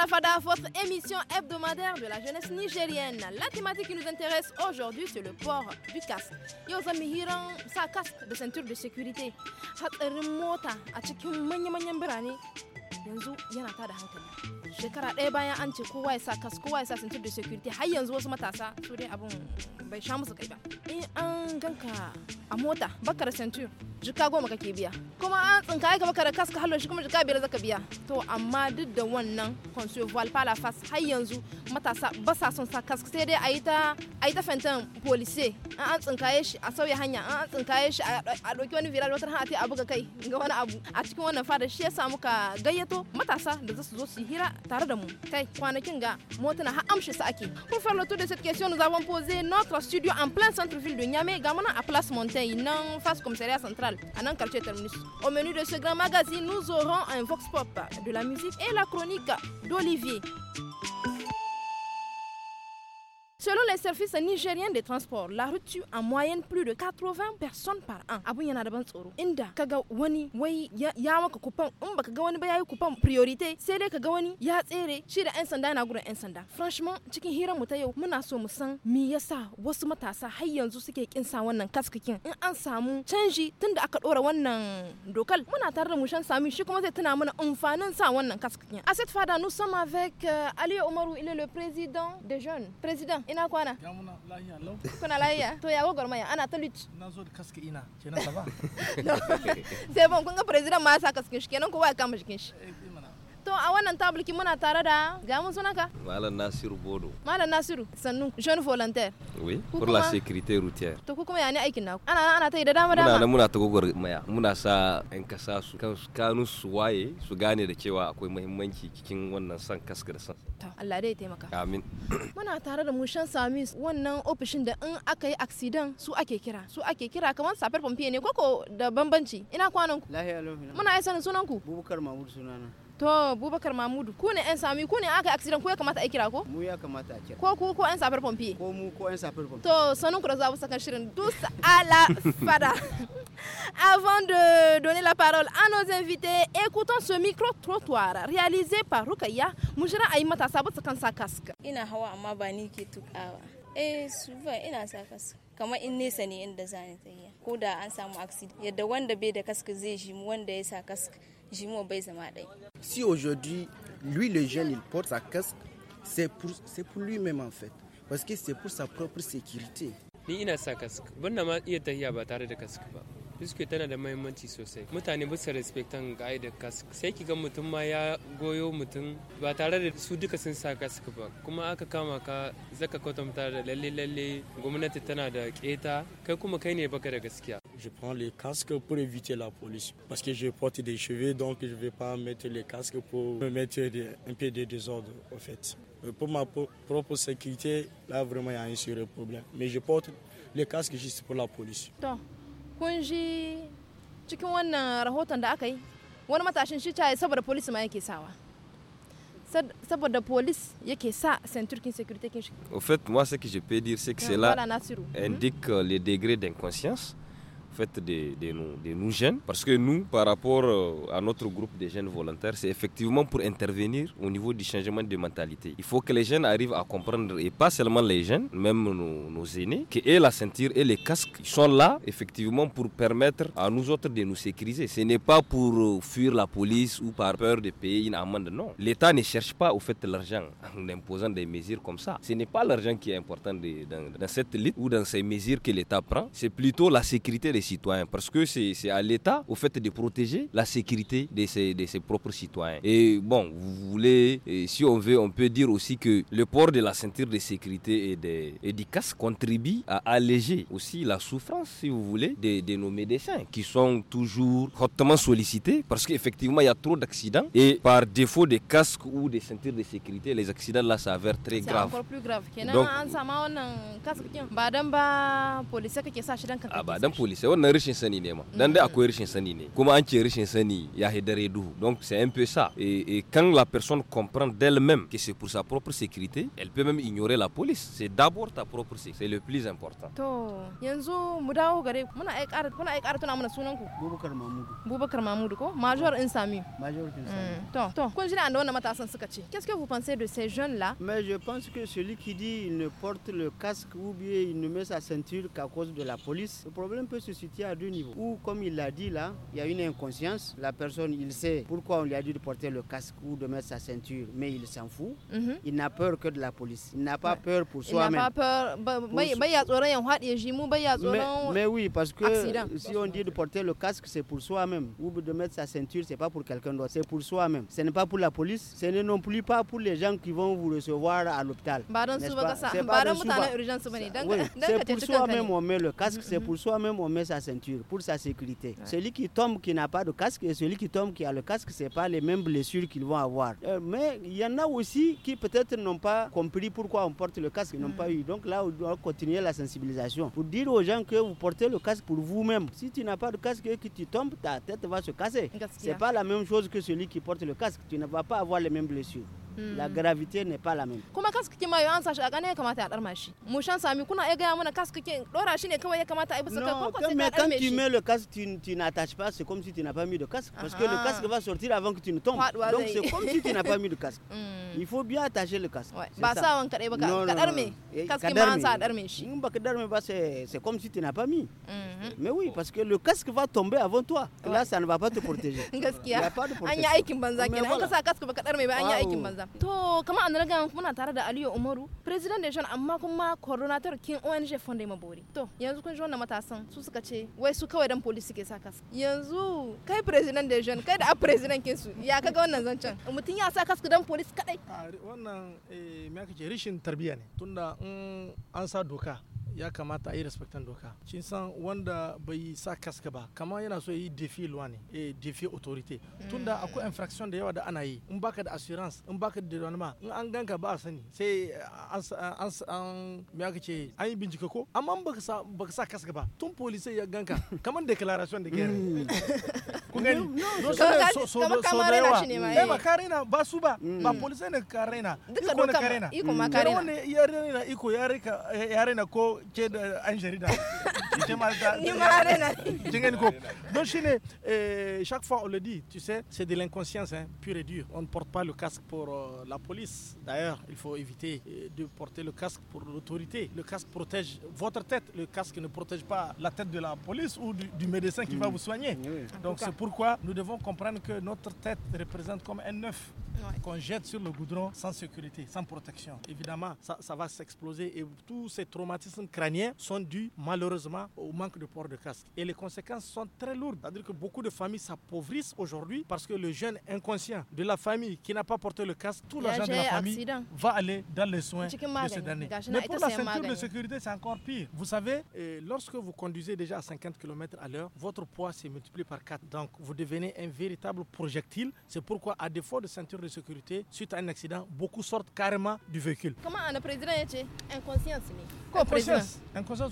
la Fada, votre émission hebdomadaire de la jeunesse nigérienne. La thématique qui nous intéresse aujourd'hui, c'est le port du casque. Yozamihiran, sa casque de ceinture de sécurité. Hat mota a cikin manya-manyan birane yanzu yana tada hankali. Shekara ɗaya bayan an ce kowa ya sa casque, kowa ya sa ceinture de sécurité, har yanzu wasu matasa su dai abin bai sha musu kai ba. In an ganka a mota, bakar ceinture, jika goma kake biya kuma an tsinka aika maka da kaska hallo shi kuma jika biyar zaka biya to amma duk da wannan consul pas la fas har yanzu matasa ba sa son sa kaska sai dai ayi ta ayi ta fentan police an an tsinkaye shi a sauya hanya an an tsinkaye shi a doki wani viral wata hati a buga kai ga wani abu a cikin wannan fada shi yasa muka gayyato matasa da zasu zo su hira tare da mu kai kwanakin ga motuna har amshi su ake pour faire le tour de cette question nous avons posé notre studio en plein centre ville de Niamey ga muna a place Montaigne nan face commissariat central au menu de ce grand magazine, nous aurons un vox pop, de la musique et la chronique d'Olivier. Selon les services nigériens de transport, la route tue en moyenne plus de 80 personnes par an. Abun yana Inda kaga wani wai ya maka Kupan, in baka ga wani priorité Sere kagawani ya tsere shi da sanda ensanda. Franchement cikin hirar mu ta yau muna so mu san yasa wasu matasa har yanzu sa wannan kaskakin in an samu canji tunda aka dora dokal muna mushan sami shi kuma zai tuna mana amfanin sa wannan cette fada nous sommes avec euh, Ali Omaru il est le président des jeunes. Président ina kwana ya muna lahiya lau kuna lahiya to ya gogor maya ana ta luci na zo da kaska ina kenan ta ba sai ban kun ga president ma ya sa kaskin shi kenan kowa ya kama jikin shi eh, To a wannan k'i muna tare da ga mun sunanka? Malam Nasiru Bodo. Malam Nasiru sannu jeune volontaire. Oui, pour la sécurité routière. To ku kuma ya aikin naku? Ana ana ta yi da dama dama. Muna muna ta maya. Muna sa in kasa su kan kanu su waye su gane da cewa akwai muhimmanci cikin wannan san kaska da san. To Allah dai taimaka. Amin. Muna tare da mushan Samis wannan ofishin da in aka yi accident su ake kira. Su ake kira kamar safar pompier ne koko da bambanci. Ina kwanan ku? Lahiya Muna yi sunan ku? Bubukar mamudu sunana. to bubakar mamudu ku ne yan sami ku ne aka accident ko ya kamata a kira ko mu ya kamata a kira ko ku ko yan safar pompi ko mu ko yan safar pompi to sanun ku da zabu sakan shirin dus à la fada Avant de donner la parole à nos invités, écoutons ce micro-trottoir réalisé par Rukaya Mujira Aimata Sabot Sakansa Casque. Ina hawa amma ba ni ke tukawa. Eh, su ina sa kasu. Kamar in nesa ne inda zani ta ko da an samu accident yadda wanda bai da kask zai jimu wanda ya sa kask mu bai zama dai Si aujourd'hui lui le jeune il porte sa casque c'est pour c'est pour lui-même en fait parce que c'est pour sa propre sécurité. Ni ina sa kask ban ma iya tafiya ba tare da kask ba biskit tana da mahimmanci sosai mutane ba su respectan ka'idar kask sai ki ga mutum ma ya goyo mutum ba tare da su duka sun sa kask ba kuma aka kama ka zaka kwatanta da lalle lalle gwamnati tana da keta kai kuma kai ne baka da gaskiya je prends les casque pour éviter la police parce que je porte des cheveux donc je vais pas mettre les casque pour me mettre des, un pied de désordre en fait euh, pour ma propre sécurité là vraiment il y a un sérieux problème mais je porte le casque juste pour la police donc kun shi cikin wannan rahoton da aka yi wani matashin shi caye saboda polis ma yake sawa saboda police yake sa ceinture kin sécurité kin Au fait, moi ce que je peux dire c'est que cela voilà, indique euh, le degré d'inconscience fait de, nous, jeunes. Parce que nous, par rapport euh, à notre groupe de jeunes volontaires, c'est effectivement pour intervenir au niveau du changement de mentalité. Il faut que les jeunes arrivent à comprendre, et pas seulement les jeunes, même nos, aînés, que et la ceinture et les casques sont là effectivement pour permettre à nous autres de nous sécuriser. Ce n'est pas pour euh, fuir la police ou par peur de payer une amende, non. L'État ne cherche pas au fait l'argent en imposant des mesures comme ça. Ce n'est pas l'argent qui est important dans, dans, cette lutte ou dans ces mesures que l'État prend, c'est plutôt la sécurité des citoyens parce que c'est à l'État, au fait, de protéger la sécurité de ses, de ses propres citoyens. Et bon, vous voulez, et si on veut, on peut dire aussi que le port de la ceinture de sécurité et, des, et du casque contribue à alléger aussi la souffrance, si vous voulez, de, nos médecins qui sont toujours hautement sollicités parce qu'effectivement, il y a trop d'accidents et par défaut des casques ou des ceintures de sécurité, les accidents là s'avèrent très graves. C'est encore plus grave. Donc, ah bah, wannan rashin sani ne ma dan dai akwai rashin sani ne kuma an ce rashin sani ya dare duhu donc c'est un peu ça et, et quand la personne comprend d'elle-même que c'est pour sa propre sécurité elle peut même ignorer la police c'est d'abord ta propre sécurité c'est le plus important to yanzu mu dawo gare ku muna ai ƙara kuna ai ƙara tuna muna sunan ku Bubakar Mamudu Bubakar Mamudu ko major Insami major Insami mm, to to kun jira da wannan matasan suka ce qu'est-ce que vous pensez de ces jeunes là mais je pense que celui qui dit il ne porte le casque ou bien il ne met sa ceinture qu'à cause de la police le problème peut se situer à deux niveaux. Ou comme il l'a dit là, il y a une inconscience. La personne, il sait pourquoi on lui a dit de porter le casque ou de mettre sa ceinture, mais il s'en fout. Mhm. Il n'a peur que de la police. Il n'a pas peur pour soi-même. Il n'a pas peur. Mais, oui, parce que si on dit de porter le casque, c'est pour soi-même. Ou de mettre sa ceinture, c'est pas pour quelqu'un d'autre, c'est pour soi-même. Ce n'est pas pour la police, ce n'est non plus pas pour les gens qui vont vous recevoir à l'hôpital. C'est pour soi-même on met le casque, c'est mm-hmm. pour soi-même on met ceinture, pour sa sécurité. Celui qui tombe qui n'a pas de casque et celui qui tombe qui a le casque, c'est pas les mêmes blessures qu'ils vont avoir. Euh, mais il y en a aussi qui peut-être n'ont pas compris pourquoi on porte le casque, ils n'ont pas mm. eu. Donc là, on doit continuer la sensibilisation pour dire aux gens que vous portez le casque pour vous-même. Si tu n'as pas de casque et que tu tombes, ta tête va se casser. C'est pas la même chose que celui qui porte le casque. Tu ne vas pas avoir les mêmes blessures. Hmm. La gravité n'est pas la même. Kuma kaskake ma yawan sa shi a gane ya kamata a darma shi. Mu shan sami kuna iya gaya mana kaskake dora shi ne kawai ya kamata a yi bisa kai ko ko sai mais quand tu mets le casque tu, tu n'attaches pas, c'est comme si tu n'as pas mis de casque parce que le ah. casque va sortir avant que tu ne tombes. Donc c'est comme si tu n'as pas mis de casque. Hmm. Il faut bien attacher le casque. Ba sa wan kadai ba ka darme. Kaske ma an sa darme shi. In baka darme ba c'est c'est comme si tu n'as pas mis. Mhm. Mais oui parce que le casque va tomber avant toi. Là ça ne va pas te protéger. Gaskiya. An yi aikin banza kenan. ka sa casque ka darme ba an yi aikin banza. to kamar an raga muna tare da Aliyu Umaru president da amma kuma coordinator kin ONG Fonde Mabori to yanzu kun ji wannan matasan su suka ce wai su kawai dan police suke saka su yanzu kai president jean kai da a president kin su ya kaga wannan zancen mutum ya sa su dan police kadai wannan eh me kake rishin tarbiya ne tunda in an sa doka ya kamata a yi respectan doka cin san wanda bai sa kaska ba kama yana so yi defi luwa ne eh defi autorite tunda mm. akwai infraction da yawa da ana yi in baka da assurance in baka da dalma in an ganka ba a sani sai an an me aka ce an yi bincike ko amma baka sa baka sa kaska ba tun police ya ganka kamar declaration da gere ku gani kamar kama raina ba ka raina ba su ne ka iko ne ka raina iko ya raina iko ya ko ke da an jarida Donc, hein. euh, chaque fois, on le dit, tu sais, c'est de l'inconscience hein, pure et dure. On ne porte pas le casque pour euh, la police. D'ailleurs, il faut éviter euh, de porter le casque pour l'autorité. Le casque protège votre tête. Le casque ne protège pas la tête de la police ou du, médecin qui va mm. vous soigner. Donc, c'est pourquoi nous devons comprendre que notre tête représente comme un œuf qu'on jette sur le goudron sans sécurité, sans protection. Évidemment, ça, ça va s'exploser et tous ces traumatismes crâniens sont dus malheureusement au manque de port de casque. Et les conséquences sont très lourdes. C'est-à-dire que beaucoup de familles s'appauvrissent aujourd'hui parce que le jeune inconscient de la famille qui n'a pas porté le casque, tout l'argent de la famille va aller dans les soins de ce dernier. Mais pour la ceinture de sécurité, c'est encore pire. Vous savez, euh, lorsque vous conduisez déjà à 50 km à l'heure, votre poids s'est multiplié par 4. Donc vous devenez un véritable projectile. C'est pourquoi, à défaut de ceinture de sécurité, suite à un accident, beaucoup sortent carrément du véhicule. Comment un président est inconscient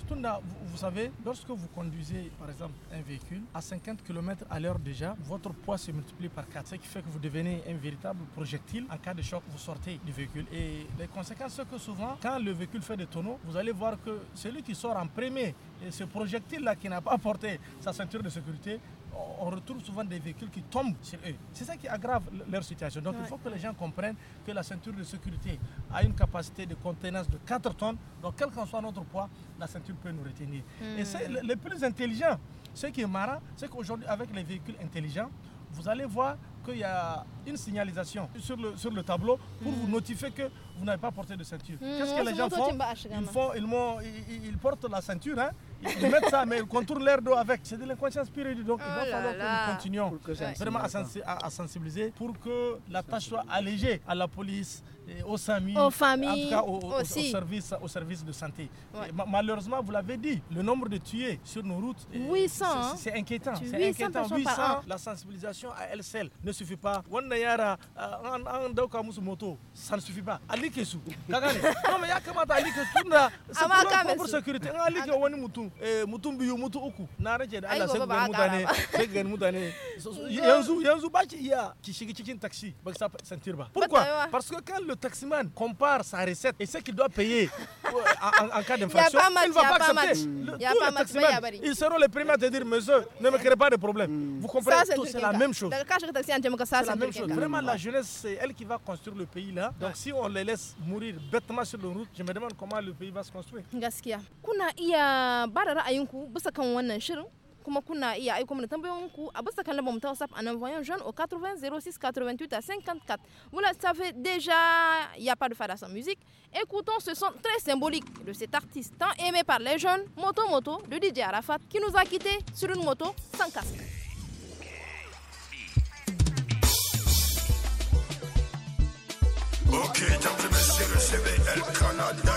tout le monde, vous savez, lorsque vous conduisez par exemple un véhicule à 50 km à l'heure déjà, votre poids se multiplie par 4, ce qui fait que vous devenez un véritable projectile. En cas de choc, vous sortez du véhicule. Et les conséquences, sont que souvent, quand le véhicule fait des tonneaux, vous allez voir que celui qui sort en premier, et ce projectile-là qui n'a pas porté sa ceinture de sécurité, on retrouve souvent des véhicules qui tombent sur eux. C'est ça qui aggrave leur situation. Donc il faut que les gens comprennent que la ceinture de sécurité a une capacité de contenance de 4 tonnes. Donc quel qu'en soit notre poids, la ceinture peut nous retenir. Et hmm. c'est le plus intelligent. Ce qui est marrant, c'est qu'aujourd'hui, avec les véhicules intelligents, vous allez voir il y a une signalisation sur le, sur le tableau pour vous mm. notifier que vous n'avez pas porté de ceinture. Mm. Qu'est-ce que les gens font, ils, font ils, ils, portent la ceinture, hein. ils mettent ça, mais ils contournent l'air d'eau avec. C'est de l'inconscience spirituelle. Donc il va oh falloir que nous continuions vraiment à sensibiliser pour que la tâche soit allégée à la police, aux familles, aux familles en tout cas aussi. de santé. Ouais. Malheureusement, vous l'avez dit, le nombre de tués sur nos routes, euh, hein. c'est inquiétant. C'est inquiétant. 800, 800 la sensibilisation à elle seule ne suffit pas. Wanda yara an euh, dauka moto, ça ne suffit pas. Ali su. Non mais y a alike su da c'est pour sécurité. un alike wani mutun, eh mutum biyu, mutum uku. Na rage da Allah sai ga mutane, sai ga mutane. Yanzu yanzu ba ki iya ki shiga cikin taxi, ba ki sentir ba. Pourquoi? Parce que quand le taximan compare sa recette et ce qu'il doit payer en, cas d'infraction, il ne va pas accepter. Le, tous les taximans, ils seront les premiers à te dire Monsieur, ne me créez pas de problème. Mm. Vous comprenez C'est la même chose. C'est la même chose. Vraiment, la jeunesse, c'est elle qui va construire le pays là. Donc si on les laisse mourir bêtement sur la route, je me demande comment le pays va se construire kuma kuna iya a ta WhatsApp jeune au 80 06 88 à 54. Vous le savez déjà, il n'y a pas de fada sans musique. Écoutons ce son très symbolique de cet artiste tant aimé par les jeunes, Moto Moto de DJ Arafat, qui nous a quitté sur une moto sans casque. Canada,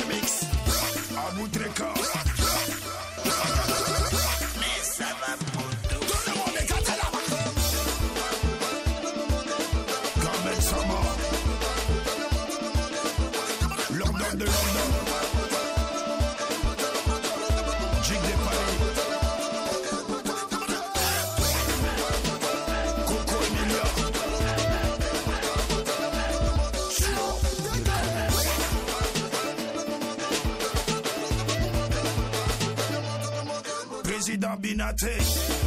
DJ Abu Rock. Abinate.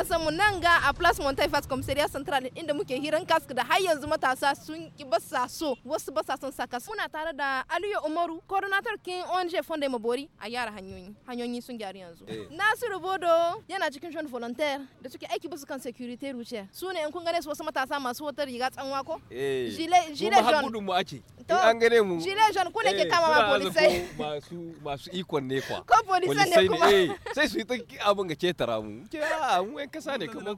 matasan mu nan ga a Place Montagne Fast Commissariat Central inda muke hiran kask da har yanzu matasa sun ki basa so wasu basa son saka muna tare da Aliyu Umaru coordinator kin ONG fonde Mabori a yara hanyoyi hanyoyi sun gyaru yanzu eh. Nasiru Bodo yana cikin shon volunteer da suke aiki ba su kan security ruce su ne in kun gane su wasu matasa masu wata riga tsanwa ko jile eh. jile jon gudun mu ake an gane mu jile jon ku ne ke eh, kama ma polisai masu masu ikon ne kwa ko polisai ne kuma sai su yi ta abin ga tara mu ke a ah, mu kasa ne kuma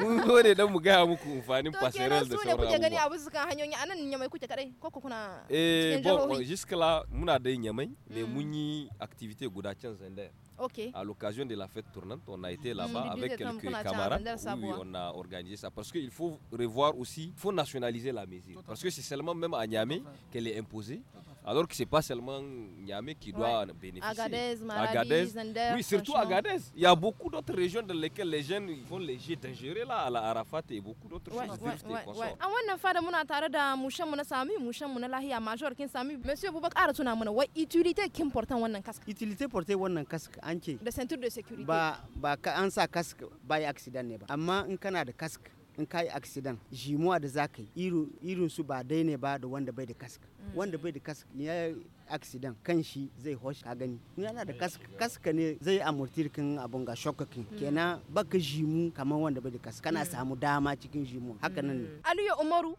mun zo ne dan mu gaya muku amfanin passerelle da sauran abubuwa. To kenan su ne kuke gani a bisa kan hanyoyi anan Nyamai kuke kadai ko ku kuna Eh bon oh, jusque là muna da Nyamai mais hmm. mun yi activité guda can Zender. Okay. À l'occasion de la fête tournante, on a été hmm. là-bas mmh, avec quelques camarades. Oui, on a organisé ça. Parce qu'il faut revoir aussi, il faut nationaliser la musique. Parce que c'est seulement même à Niamey qu'elle est imposée. Total. Alors que ce n'est pas seulement Niamey qui doit ouais. bénéficier. Agadez, Maradi, Agadez. Zender, oui, surtout Agadez. Il y a beaucoup d'autres régions dans lesquelles les jeunes font les jets dangereux là, à la Arafat et beaucoup d'autres ouais, choses. Ouais, a wannan fada muna mon da mushen mu na sami mushen mu na lahiya major kin sami monsieur Bubakar tuna mana wai utilité importante, portan wannan casque. Utilité porter wannan casque entier. ce. ceinture de sécurité. Bah, bah, ka ça casque ba accident ne ba. Amma in kana casque in kai accident jimuwa da za ka yi irin su ba dai ne ba da wanda bai da kaska mm. wanda bai da kaska ya accident kan shi zai hosh ka gani yana da kaska ne zai amortir kan abun ga shokakin mm. kenan baka jimu kamar wanda bai da kaska kana mm. samu dama cikin jimu haka nan ne aliyu umaru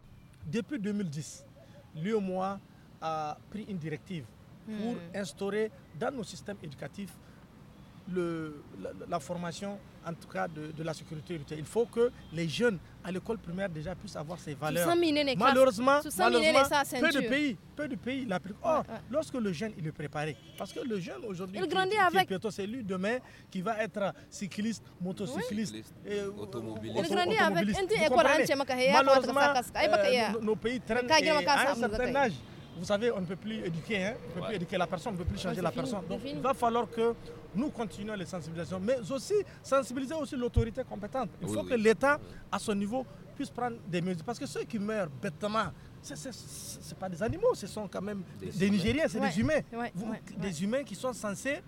depuis 2010 l'UMOA a pris une directive pour instaurer dans nos systèmes éducatifs le, la, formation, en tout cas, de, de, la sécurité Il faut que les jeunes à l'école primaire déjà puissent avoir ces valeurs. Malheureusement, malheureusement peu de pays, peu de pays l'appliquent. Or, lorsque le jeune il est préparé, parce que le jeune aujourd'hui, c'est lui demain qui va être cycliste, motocycliste, et, euh, automobiliste. Il grandit avec. Hein, malheureusement, euh, nos, nos pays traînent à un certain âge vous savez, on ne peut plus éduquer, hein? on ne peut plus éduquer la personne, on ne peut plus changer la personne. Donc il va falloir que nous continuions les sensibilisations, mais aussi sensibiliser aussi l'autorité compétente. Il faut que l'État, à son niveau, puisse prendre des mesures. Parce que ceux qui meurent bêtement, ce ne pas des animaux, ce sont quand même des, Nigériens, c'est des humains. des humains qui sont censés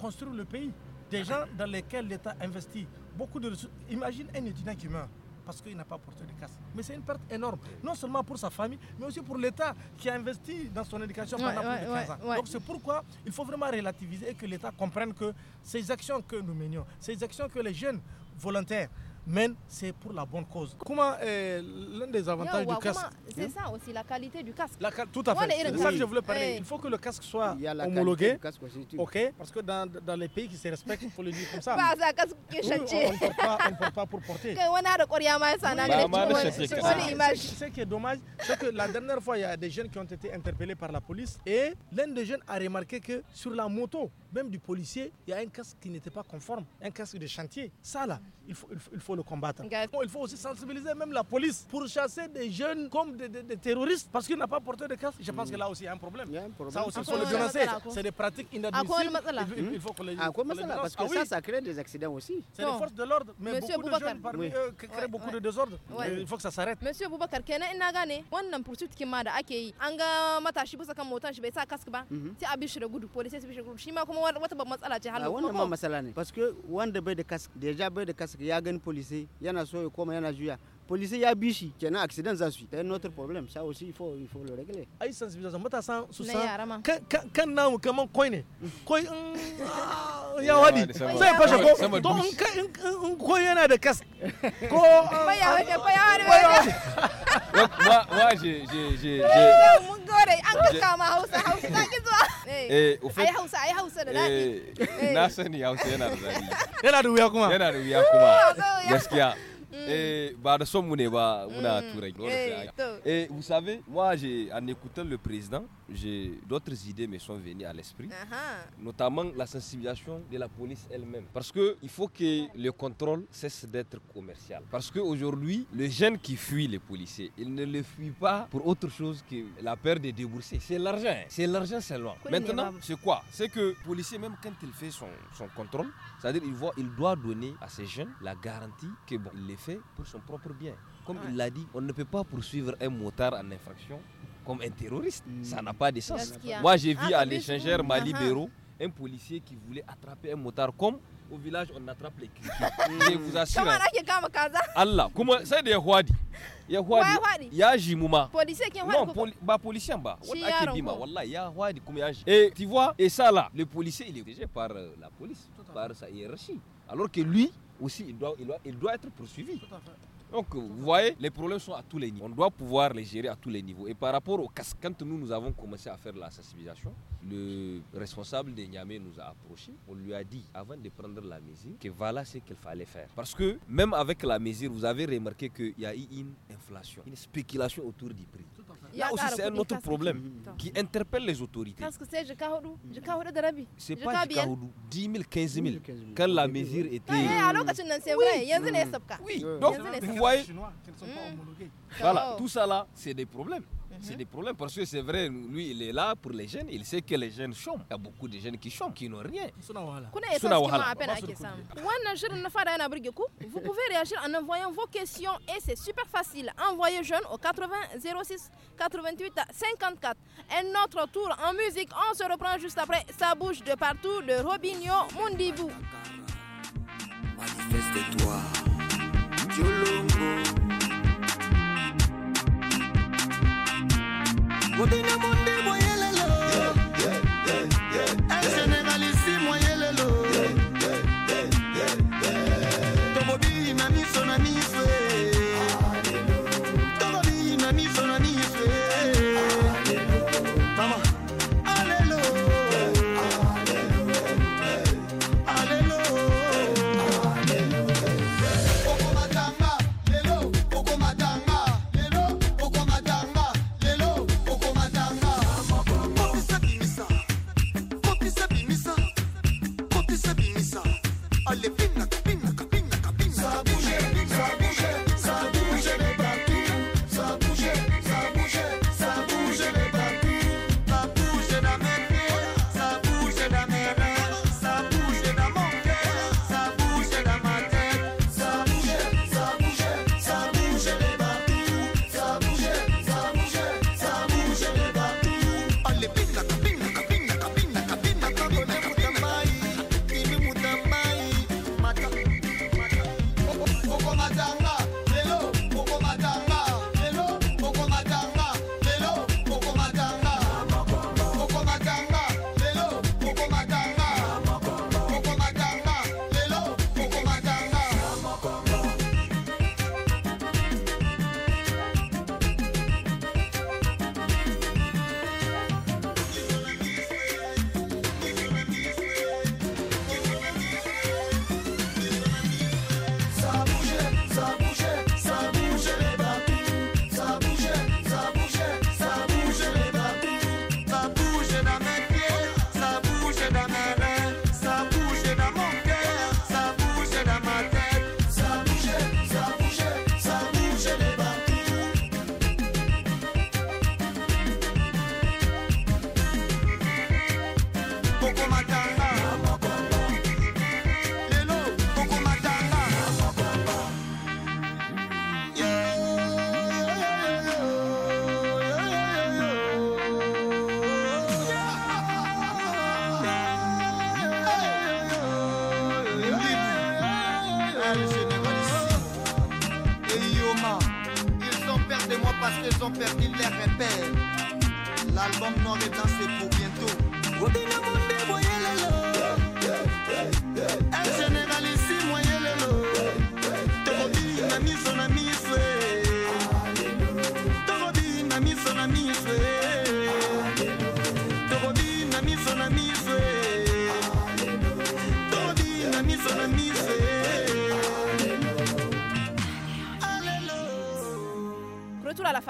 construire le pays. Des gens dans lesquels l'État investit beaucoup de ressources. Imagine un étudiant qui meurt parce qu'il n'a pas porté de casque. Mais c'est une perte énorme, non seulement pour sa famille, mais aussi pour l'État qui a investi dans son éducation pendant plus de 15 ans. Donc c'est pourquoi il faut vraiment relativiser et que l'État comprenne que ces actions que nous menions, ces actions que les jeunes volontaires mais c'est pour la bonne cause. Comment euh, l'un des avantages du casque C'est ça aussi, la qualité du casque. tout à fait. C'est ça que je voulais parler. Il faut que le casque soit homologué. ok, parce que dans, dans, les pays qui se respectent, il faut le dire comme ça. Pas casque qui est On ne porte, pas pour porter. Ce qui est dommage, c'est que la dernière fois, il y a des jeunes qui ont été interpellés par la police et l'un des jeunes a remarqué que sur la moto, même du policier, il y a un casque qui n'était pas conforme, un casque de chantier. Ça là, il faut faut le Il faut aussi sensibiliser même la police pour chasser des jeunes comme des, des, des terroristes parce qu'ils n'ont pas porté de casque. Je pense que là aussi, il y a un problème. Il Ça aussi, il faut le dénoncer. C'est des pratiques inadmissibles. Il faut qu'on les ah, Parce que ah ça, ça crée des accidents aussi. C'est les forces de l'ordre, mais beaucoup de jeunes parmi eux créent beaucoup de désordre. Il faut que ça s'arrête. Monsieur Boubacar, kenan ina on wannan pursuit qui ma da ake yi an ga matashi bisa kan motan shi bai sa kask ba mhm. sai a gudu police sai bishi da gudu shi ma kuma wata babban matsala ah, wannan ma matsala ne parce que a bai de casque déjà bai Il y ya police polisi yana so ya koma yana juya polisi ya bi shi kenan accident za su yi notre problem ça aussi il faut il faut le régler ai matasan su kan kan namu kaman koi ne koi in ah, ya wadi zai fashe ko to in koi yana da kas ko ah, ya wadi ya wadi wa wa je je je mun gore an ma hausa hausa zuwa eh hausa hausa da wuya kuma yana da wuya kuma gaskiya mm. eh, ba da son mu ne ba muna mm. turai eh, Et vous savez, moi, j'ai, en écoutant le président, j'ai, d'autres idées me sont venues à l'esprit, ah ah. notamment la sensibilisation de la police elle-même. Parce qu'il faut que le contrôle cesse d'être commercial. Parce qu'aujourd'hui, les jeunes qui fuient les policiers, ils ne le fuient pas pour autre chose que la peur de débourser. C'est l'argent, hein. c'est l'argent c'est loin. Maintenant, c'est quoi C'est que le policier, même quand il fait son, son contrôle, c'est-à-dire il, voit, il doit donner à ces jeunes la garantie que bon, les fait pour son propre bien. Comme il l'a dit, on ne peut pas poursuivre un motard en infraction comme un terroriste. Mm. Ça n'a pas de sens. Moi, j'ai vu ah, à ah, l'échangeur mali ah, un policier qui voulait attraper un motard comme au village on attrape les critiques. Mm. Je vous assure. Allah, comment ça de Wadi Ya hwadi. Ya jimuma. Policier qui hwadi. Non, bah policier bah. comme Et tu vois, et ça là, le policier il est protégé par euh, la police, par sa hiérarchie. Alors que lui aussi il doit il doit, il doit être poursuivi. Tout à fait. Donc, vous voyez, les problèmes sont à tous les niveaux. On doit pouvoir les gérer à tous les niveaux. Et par rapport au casque, quand nous, nous avons commencé à faire la sensibilisation, le responsable de Niamey nous a approché. On lui a dit, avant de prendre la mesure, que voilà ce qu'il fallait faire. Parce que même avec la mesure, vous avez remarqué qu'il y a eu une inflation, une spéculation autour du prix. Là aussi, c'est un autre problème qui interpelle les autorités. Parce que C'est C'est pas 10 000, 15 000, quand la mesure était. Eh, hmm. Oui, donc vous voyez. Hmm. Voilà, tout ça là, c'est des problèmes. Mhm. C'est des problèmes parce que c'est vrai, lui, il est là pour les jeunes, il sait que les jeunes chantent. Il y a beaucoup de jeunes qui chantent, qui n'ont rien. Vous pouvez réagir en envoyant vos questions et c'est super facile. Envoyez jeunes au 80 06 88 54. Un autre tour en musique, on se reprend juste après. Ça bouge de partout de Robinho Mundibu. What in a Monday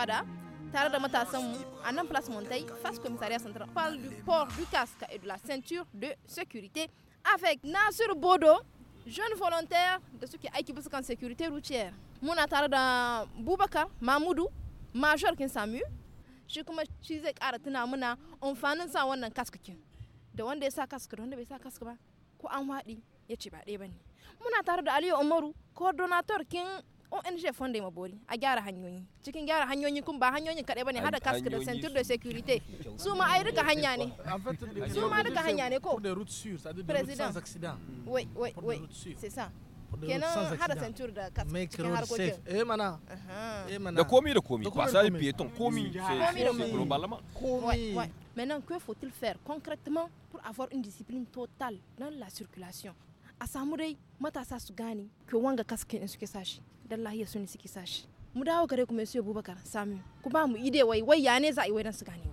fada tare da matasanmu a nan place face commissariat central parle du port du casque et de la ceinture de sécurité avec Nasir Bodo jeune volontaire da suke qui bisa en sécurité routière muna tare da Bubakar Mamudu major kin samu shi kuma shi zai kara tuna muna amfanin sa wannan kaskakin da wanda ya sa des da wanda bai sa kask ba ko an waɗi ya ce ba ɗaya ba ne muna tare da aliyu umaru kin on oh, ONG fonde ma bori a gyara hanyoyi cikin gyara hanyoni kun ba hanyoyin kaɗai bane hada casque de ceinture de sécurité su ma ai duka hanya ne su ma duka hanya ne ko président oui oui oui c'est ça kenan hada ceinture de casque. cikin harkokin eh mana eh mana da komi da komi passage piéton komi c'est globalement komi maintenant que faut-il faire concrètement pour avoir une discipline totale dans la circulation a samu dai Que su gane casque wanga ce que sache je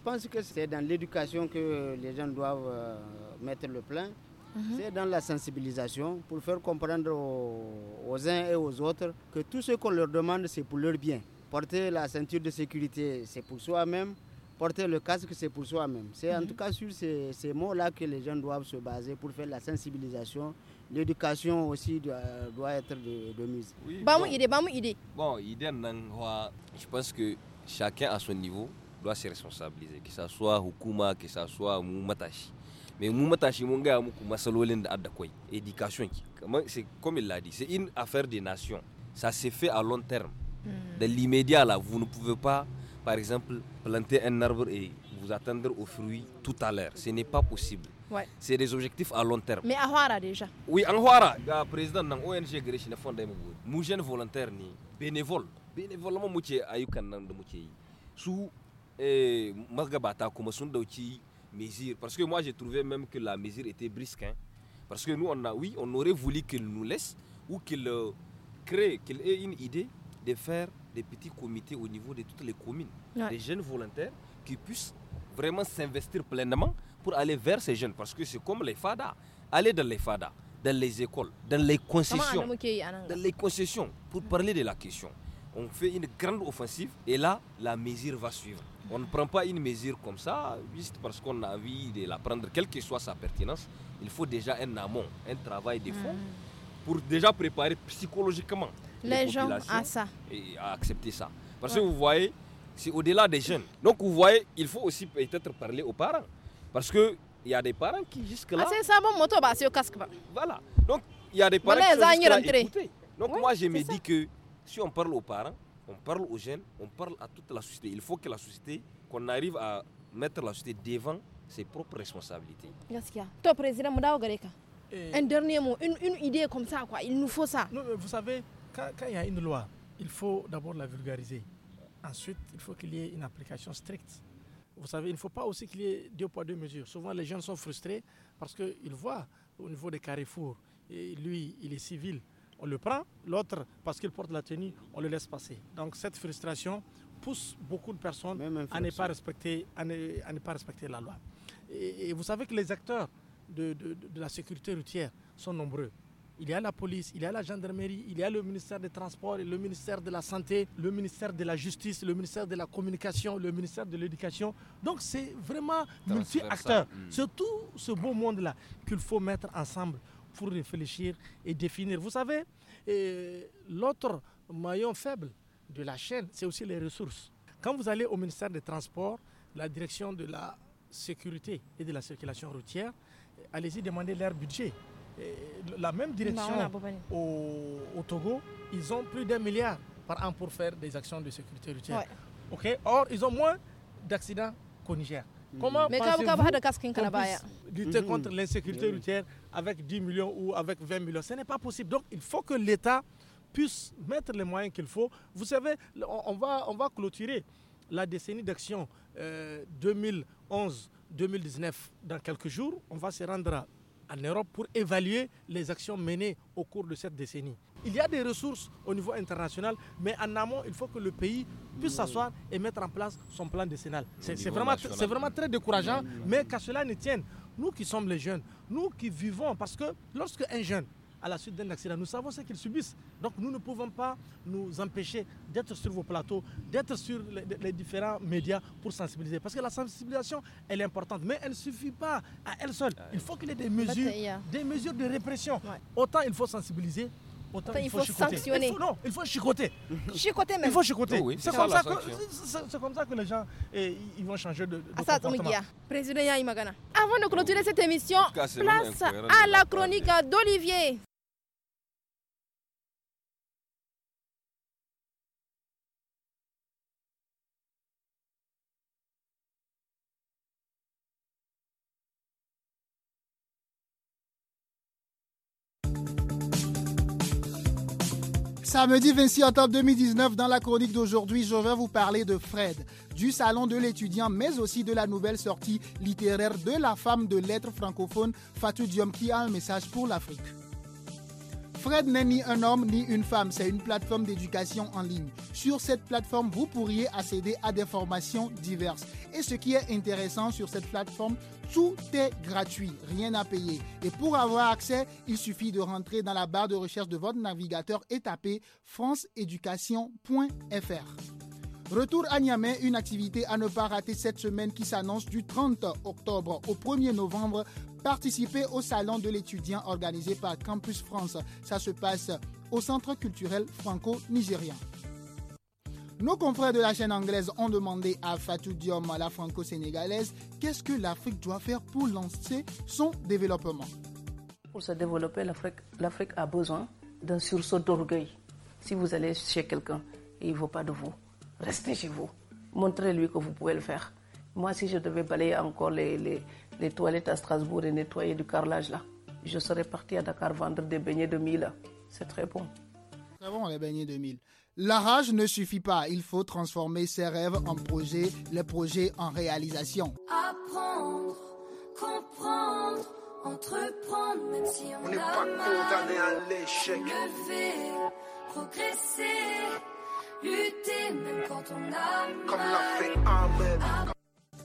pense que c'est dans l'éducation que les gens doivent euh, mettre le plein mhm. C'est dans la sensibilisation pour faire comprendre aux, uns et aux autres que tout ce qu'on leur demande, c'est pour leur bien. Porter la ceinture de sécurité, c'est pour soi-même porter le casque, c'est pour soi-même. C'est en mhm. tout cas sur ces, ces mots-là que les gens doivent se baser pour faire la sensibilisation l'éducation aussi doit, doit, être de, mise. Oui, bon, idée, bon idée. je pense que chacun à son niveau doit se responsabiliser, que ce soit Hukuma, que ce soit Moumatashi. Mais Moumatashi, mon gars, éducation, c'est comme il l'a dit, c'est une affaire des nations. Ça se fait à long terme. Hmm. De l'immédiat, là, vous ne pouvez pas, par exemple, planter un arbre et vous attendre aux fruits tout à l'heure. Ce n'est pas possible. Ouais. C'est des objectifs à long terme. Mais à Hwara déjà. Oui, à Hwara, le président de l'ONG Gréchi, le fonds de Moujen volontaire, ni bénévole. Bénévole, moi, je suis ayukan Sous de mouche. Sous eh, Margabata, comme son mesure. Parce que moi, j'ai trouvé même que la mesure était brisque. Hein. Parce que nous, on a, oui, on aurait voulu qu'il nous laisse ou qu'il créent euh, crée, qu'il ait une idée de faire des petits comités au niveau de toutes les communes. Des jeunes volontaires qui puissent vraiment s'investir pleinement pour aller vers ces jeunes. Parce que c'est comme les FADA. Aller dans les FADA, dans les écoles, dans les concessions. Dans les concessions, pour parler de la question. On fait une grande offensive et là, la mesure va suivre. On ne prend pas une mesure comme ça, juste parce qu'on a envie de la prendre, quelle que soit sa pertinence. Il faut déjà un amont, un travail de fond hmm. pour déjà préparer psychologiquement les, gens à ça. Et à accepter ça. Parce que vous voyez, c'est au-delà des jeunes. Donc vous voyez, il faut aussi peut-être parler aux parents. Parce qu'il y a des parents qui jusque-là... Ah, c'est ça, mon moto, bah, c'est au casque. Bah. Voilà. Donc, il y a des parents qui sont Donc, moi, je me dis que si on parle aux parents, on parle aux jeunes, on parle à toute la société. Il faut que la société, qu'on arrive à mettre la société devant ses propres responsabilités. a? Toi, président, Gareka, eh. un dernier mot, une, idée comme ça, quoi. Il nous faut ça. vous savez, quand il y a une loi, il faut d'abord la vulgariser. Ensuite, il faut qu'il y ait une application stricte. Vous savez, il ne faut pas aussi qu'il y ait deux poids, deux mesures. Souvent, les gens sont frustrés parce qu'ils voient au niveau des carrefours, et lui, il est civil, on le prend, l'autre, parce qu'il porte la tenue, on le laisse passer. Donc cette frustration pousse beaucoup de personnes à ne pas respecter, à ne, pas respecter la loi. Et, vous savez que les acteurs de la sécurité routière sont nombreux il y a la police, il y a la gendarmerie, il y a le ministère des Transports, le ministère de la Santé, le ministère de la Justice, le ministère de la Communication, le ministère de l'Éducation. Donc c'est vraiment multi-acteurs. Mm. C'est tout ce beau monde-là qu'il faut mettre ensemble pour réfléchir et définir. Vous savez, l'autre maillon faible de la chaîne, c'est aussi les ressources. Quand vous allez au ministère des Transports, la direction de la sécurité et de la circulation routière, allez-y demander leur budget la même direction au, Togo, ils ont plus d'un milliard par an pour faire des actions de sécurité routière. Or, ils ont moins d'accidents qu'au Niger. Mm. Comment Mais hein. lutter mm-hmm. contre l'insécurité mm-hmm. routière avec 10 millions ou avec 20 millions Ce n'est pas possible. Donc, il faut que l'État puisse mettre les moyens qu'il faut. Vous savez, on va, on va clôturer la décennie d'action 2011-2019 euh, dans quelques jours. On va se rendre à en Europe pour évaluer les actions menées au cours de cette décennie. Il y a des ressources au niveau international, mais en amont, il faut que le pays puisse s'asseoir et mettre en place son plan décennal. C'est vraiment, vraiment très décourageant, mais qu'à cela ne tienne. Nous qui sommes les jeunes, nous qui vivons, parce que lorsque un jeune à la suite d'un accident. Nous savons ce qu'ils subissent. Donc nous ne pouvons pas nous empêcher d'être sur vos plateaux, d'être sur les, différents médias pour sensibiliser. Parce que la sensibilisation, elle est importante, mais elle ne suffit pas à elle seule. Ah, il faut qu'il y ait des mesures, hein. des mesures de répression. Autant il faut sensibiliser, Autant, il, faut sanctionner. faut, non, il faut chicoter. chicoter même. Il faut chicoter. c'est comme, ça que les gens eh, ils vont changer de, ah, Président Avant de clôturer cette émission, place à la chronique d'Olivier. Samedi 26 octobre 2019, dans la chronique d'aujourd'hui, je vais vous parler de Fred, du salon de l'étudiant, mais aussi de la nouvelle sortie littéraire de la femme de lettres francophone Fatou Diom qui a un message pour l'Afrique. Fred n'est ni un homme ni une femme, c'est une plateforme d'éducation en ligne. Sur cette plateforme, vous pourriez accéder à des formations diverses. Et ce qui est intéressant sur cette plateforme, tout est gratuit, rien à payer. Et pour avoir accès, il suffit de rentrer dans la barre de recherche de votre navigateur et taper franceeducation.fr. Retour à Niamey, une activité à ne pas rater cette semaine qui s'annonce du 30 octobre au 1er novembre. Participez au Salon de l'étudiant organisé par Campus France. Ça se passe au Centre culturel franco-nigérien. Nos confrères de la chaîne anglaise ont demandé à Fatou Diom, la franco-sénégalaise, qu'est-ce que l'Afrique doit faire pour lancer son développement. Pour se développer, l'Afrique a besoin d'un sursaut d'orgueil. Si vous allez chez quelqu'un, il ne vaut pas de vous. Restez chez vous. Montrez-lui que vous pouvez le faire. Moi, si je devais balayer encore les, toilettes à Strasbourg et nettoyer du carrelage là, je serais parti à Dakar vendre des beignets de mille. C'est très bon. Très bon, les beignets de mille. La rage ne suffit pas. Il faut transformer ses rêves en projet, les projets en réalisation. Apprendre, comprendre, entreprendre, même si on, n'est pas condamné à l'échec. progresser lutter quand on a l'a fait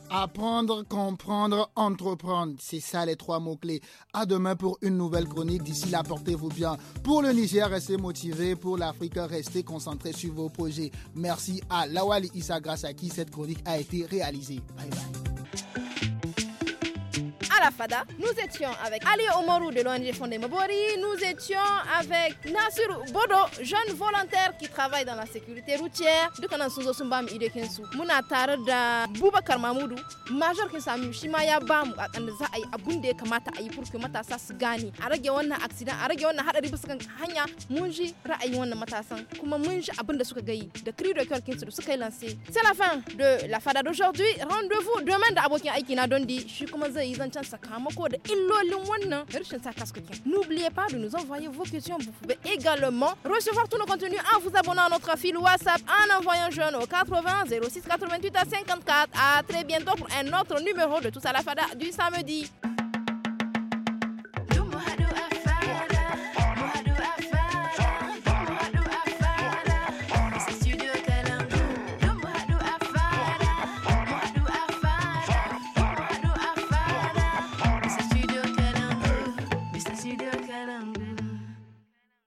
Apprendre, comprendre, entreprendre. C'est ça les trois mots-clés. À demain pour une nouvelle chronique. D'ici là, portez-vous bien. Pour le Niger, restez motivés. Pour l'Afrique, restez concentrés sur vos projets. Merci à Lawali Issa grâce à qui cette chronique a été réalisée. Bye bye la FADA, nous étions avec Ali Omarou de l'ONG Fondé Mobori, nous étions avec Nasir Bodo, jeune volontaire qui travaille dans la sécurité routière. Dukanan Suzo Sumbam Idekensu, Muna Tarada, Boubacar Mamoudou, Major Kinsamu, Shimaya Bam, Akanza Ay Abunde Kamata Ay pour que Matasa Sgani, Aragewana accident, Hadari Haribuskan Hanya, Munji, Raaywana Matasan, Kuma Munji Abunda Sukagai, de cri de cœur Kinsu Sukai lancé. C'est la fin de la FADA d'aujourd'hui. Rendez-vous demain d'Abokin Aikina Dondi. Je suis comme ça, ils en chantent N'oubliez pas de nous envoyer vos questions. Vous pouvez également recevoir tous nos contenus en vous abonnant à notre fil WhatsApp en envoyant jeune au 80 06 88 à 54. À très bientôt pour un autre numéro de Tous à la Fada du samedi.